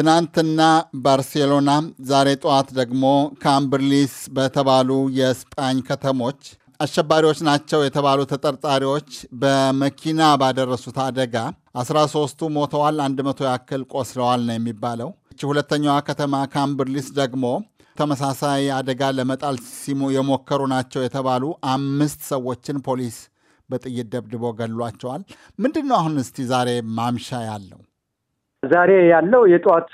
ትናንትና ባርሴሎና፣ ዛሬ ጠዋት ደግሞ ካምብርሊስ በተባሉ የስጳኝ ከተሞች አሸባሪዎች ናቸው የተባሉ ተጠርጣሪዎች በመኪና ባደረሱት አደጋ 13ቱ ሞተዋል፣ 100 ያክል ቆስለዋል ነው የሚባለው። ሁለተኛዋ ከተማ ካምብርሊስ ደግሞ ተመሳሳይ አደጋ ለመጣል ሲሙ የሞከሩ ናቸው የተባሉ አምስት ሰዎችን ፖሊስ በጥይት ደብድቦ ገሏቸዋል። ምንድን ነው አሁን እስቲ ዛሬ ማምሻ ያለው ዛሬ ያለው የጠዋት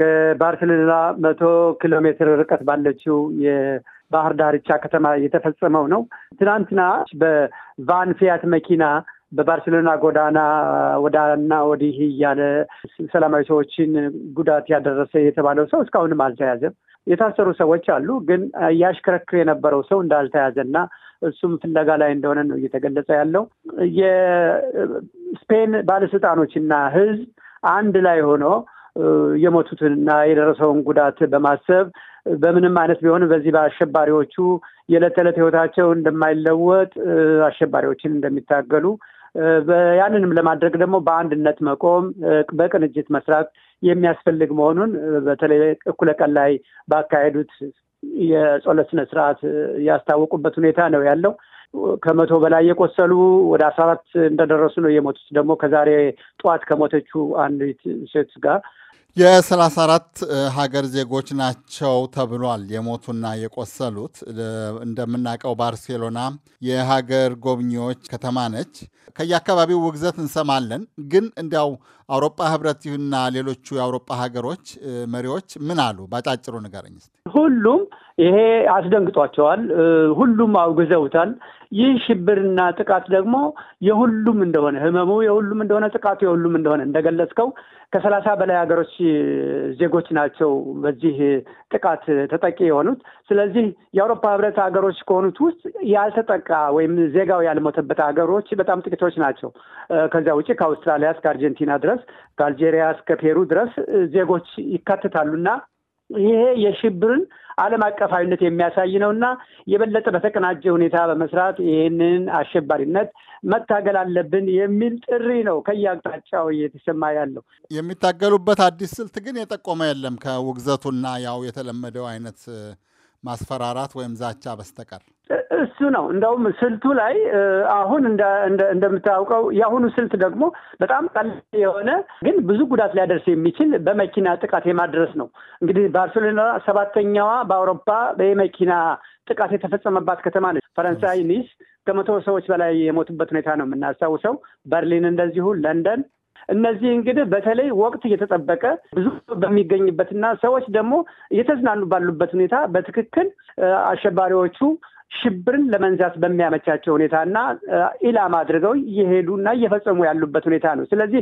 ከባርሴሎና መቶ ኪሎ ሜትር ርቀት ባለችው የባህር ዳርቻ ከተማ የተፈጸመው ነው። ትናንትና በቫን ፊያት መኪና በባርሴሎና ጎዳና ወዳና ወዲህ እያለ ሰላማዊ ሰዎችን ጉዳት ያደረሰ የተባለው ሰው እስካሁንም አልተያዘም። የታሰሩ ሰዎች አሉ፣ ግን እያሽከረክር የነበረው ሰው እንዳልተያዘና እሱም ፍለጋ ላይ እንደሆነ ነው እየተገለጸ ያለው። የስፔን ባለስልጣኖች እና ህዝብ አንድ ላይ ሆኖ የሞቱትንና የደረሰውን ጉዳት በማሰብ በምንም አይነት ቢሆን በዚህ በአሸባሪዎቹ የዕለት ተዕለት ህይወታቸው እንደማይለወጥ አሸባሪዎችን እንደሚታገሉ ያንንም ለማድረግ ደግሞ በአንድነት መቆም፣ በቅንጅት መስራት የሚያስፈልግ መሆኑን በተለይ እኩለ ቀን ላይ ባካሄዱት የጸሎት ስነ ስርዓት ያስታወቁበት ሁኔታ ነው ያለው። ከመቶ በላይ የቆሰሉ ወደ አስራ አራት እንደደረሱ ነው የሞቱት። ደግሞ ከዛሬ ጠዋት ከሞተቹ አንዲት ሴት ጋር የሰላሳ አራት ሀገር ዜጎች ናቸው ተብሏል የሞቱና የቆሰሉት። እንደምናውቀው ባርሴሎና የሀገር ጎብኚዎች ከተማ ነች። ከየአካባቢው ውግዘት እንሰማለን። ግን እንዲያው አውሮፓ ህብረትና ሌሎቹ የአውሮፓ ሀገሮች መሪዎች ምን አሉ? ባጫጭሩ ንገረኝ እስኪ። ሁሉም ይሄ አስደንግጧቸዋል። ሁሉም አውግዘውታል። ይህ ሽብርና ጥቃት ደግሞ የሁሉም እንደሆነ ህመሙ የሁሉም እንደሆነ ጥቃቱ የሁሉም እንደሆነ እንደገለጽከው ከሰላሳ በላይ ሀገሮች ዜጎች ናቸው በዚህ ጥቃት ተጠቂ የሆኑት። ስለዚህ የአውሮፓ ህብረት ሀገሮች ከሆኑት ውስጥ ያልተጠቃ ወይም ዜጋው ያልሞተበት ሀገሮች በጣም ጥቂቶች ናቸው። ከዚያ ውጭ ከአውስትራሊያ እስከ አርጀንቲና ድረስ ከአልጄሪያ እስከ ፔሩ ድረስ ዜጎች ይካትታሉና ይሄ የሽብርን ዓለም አቀፋዊነት የሚያሳይ ነው እና የበለጠ በተቀናጀ ሁኔታ በመስራት ይህንን አሸባሪነት መታገል አለብን የሚል ጥሪ ነው ከየአቅጣጫው እየተሰማ ያለው። የሚታገሉበት አዲስ ስልት ግን የጠቆመ የለም ከውግዘቱና ያው የተለመደው አይነት ማስፈራራት ወይም ዛቻ በስተቀር እሱ ነው። እንደውም ስልቱ ላይ አሁን እንደምታውቀው የአሁኑ ስልት ደግሞ በጣም ቀላል የሆነ ግን ብዙ ጉዳት ሊያደርስ የሚችል በመኪና ጥቃት የማድረስ ነው። እንግዲህ ባርሴሎና ሰባተኛዋ በአውሮፓ የመኪና ጥቃት የተፈጸመባት ከተማ ነች። ፈረንሳይ ኒስ ከመቶ ሰዎች በላይ የሞቱበት ሁኔታ ነው የምናስታውሰው። በርሊን እንደዚሁ፣ ለንደን እነዚህ እንግዲህ በተለይ ወቅት እየተጠበቀ ብዙ በሚገኝበትና ሰዎች ደግሞ እየተዝናኑ ባሉበት ሁኔታ በትክክል አሸባሪዎቹ ሽብርን ለመንዛት በሚያመቻቸው ሁኔታ እና ኢላማ አድርገው እየሄዱ እና እየፈጸሙ ያሉበት ሁኔታ ነው። ስለዚህ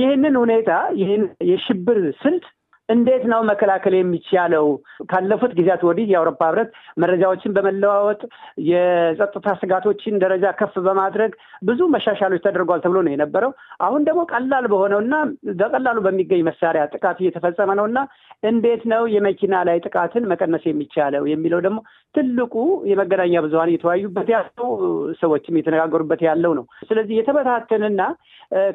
ይህንን ሁኔታ ይህን የሽብር ስልት እንዴት ነው መከላከል የሚቻለው? ካለፉት ጊዜያት ወዲህ የአውሮፓ ህብረት መረጃዎችን በመለዋወጥ የጸጥታ ስጋቶችን ደረጃ ከፍ በማድረግ ብዙ መሻሻሎች ተደርጓል ተብሎ ነው የነበረው። አሁን ደግሞ ቀላል በሆነው እና በቀላሉ በሚገኝ መሳሪያ ጥቃት እየተፈጸመ ነው እና እንዴት ነው የመኪና ላይ ጥቃትን መቀነስ የሚቻለው የሚለው ደግሞ ትልቁ የመገናኛ ብዙሀን እየተወያዩበት ያለው ሰዎችም እየተነጋገሩበት ያለው ነው። ስለዚህ የተበታተንና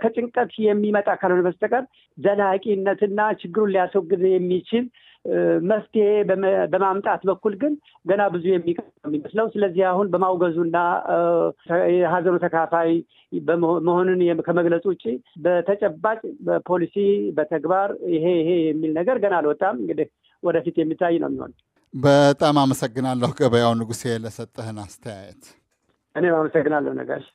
ከጭንቀት የሚመጣ ካልሆነ በስተቀር ዘላቂነትና ችግሩን ሊያሰ ሊያስወግድ የሚችል መፍትሄ በማምጣት በኩል ግን ገና ብዙ የሚቀር የሚመስለው። ስለዚህ አሁን በማውገዙና የሀዘኑ ተካፋይ መሆኑን ከመግለጽ ውጭ በተጨባጭ በፖሊሲ በተግባር ይሄ ይሄ የሚል ነገር ገና አልወጣም። እንግዲህ ወደፊት የሚታይ ነው የሚሆን። በጣም አመሰግናለሁ ገበያው ንጉሴ ለሰጠህን አስተያየት። እኔም አመሰግናለሁ ነጋሽ።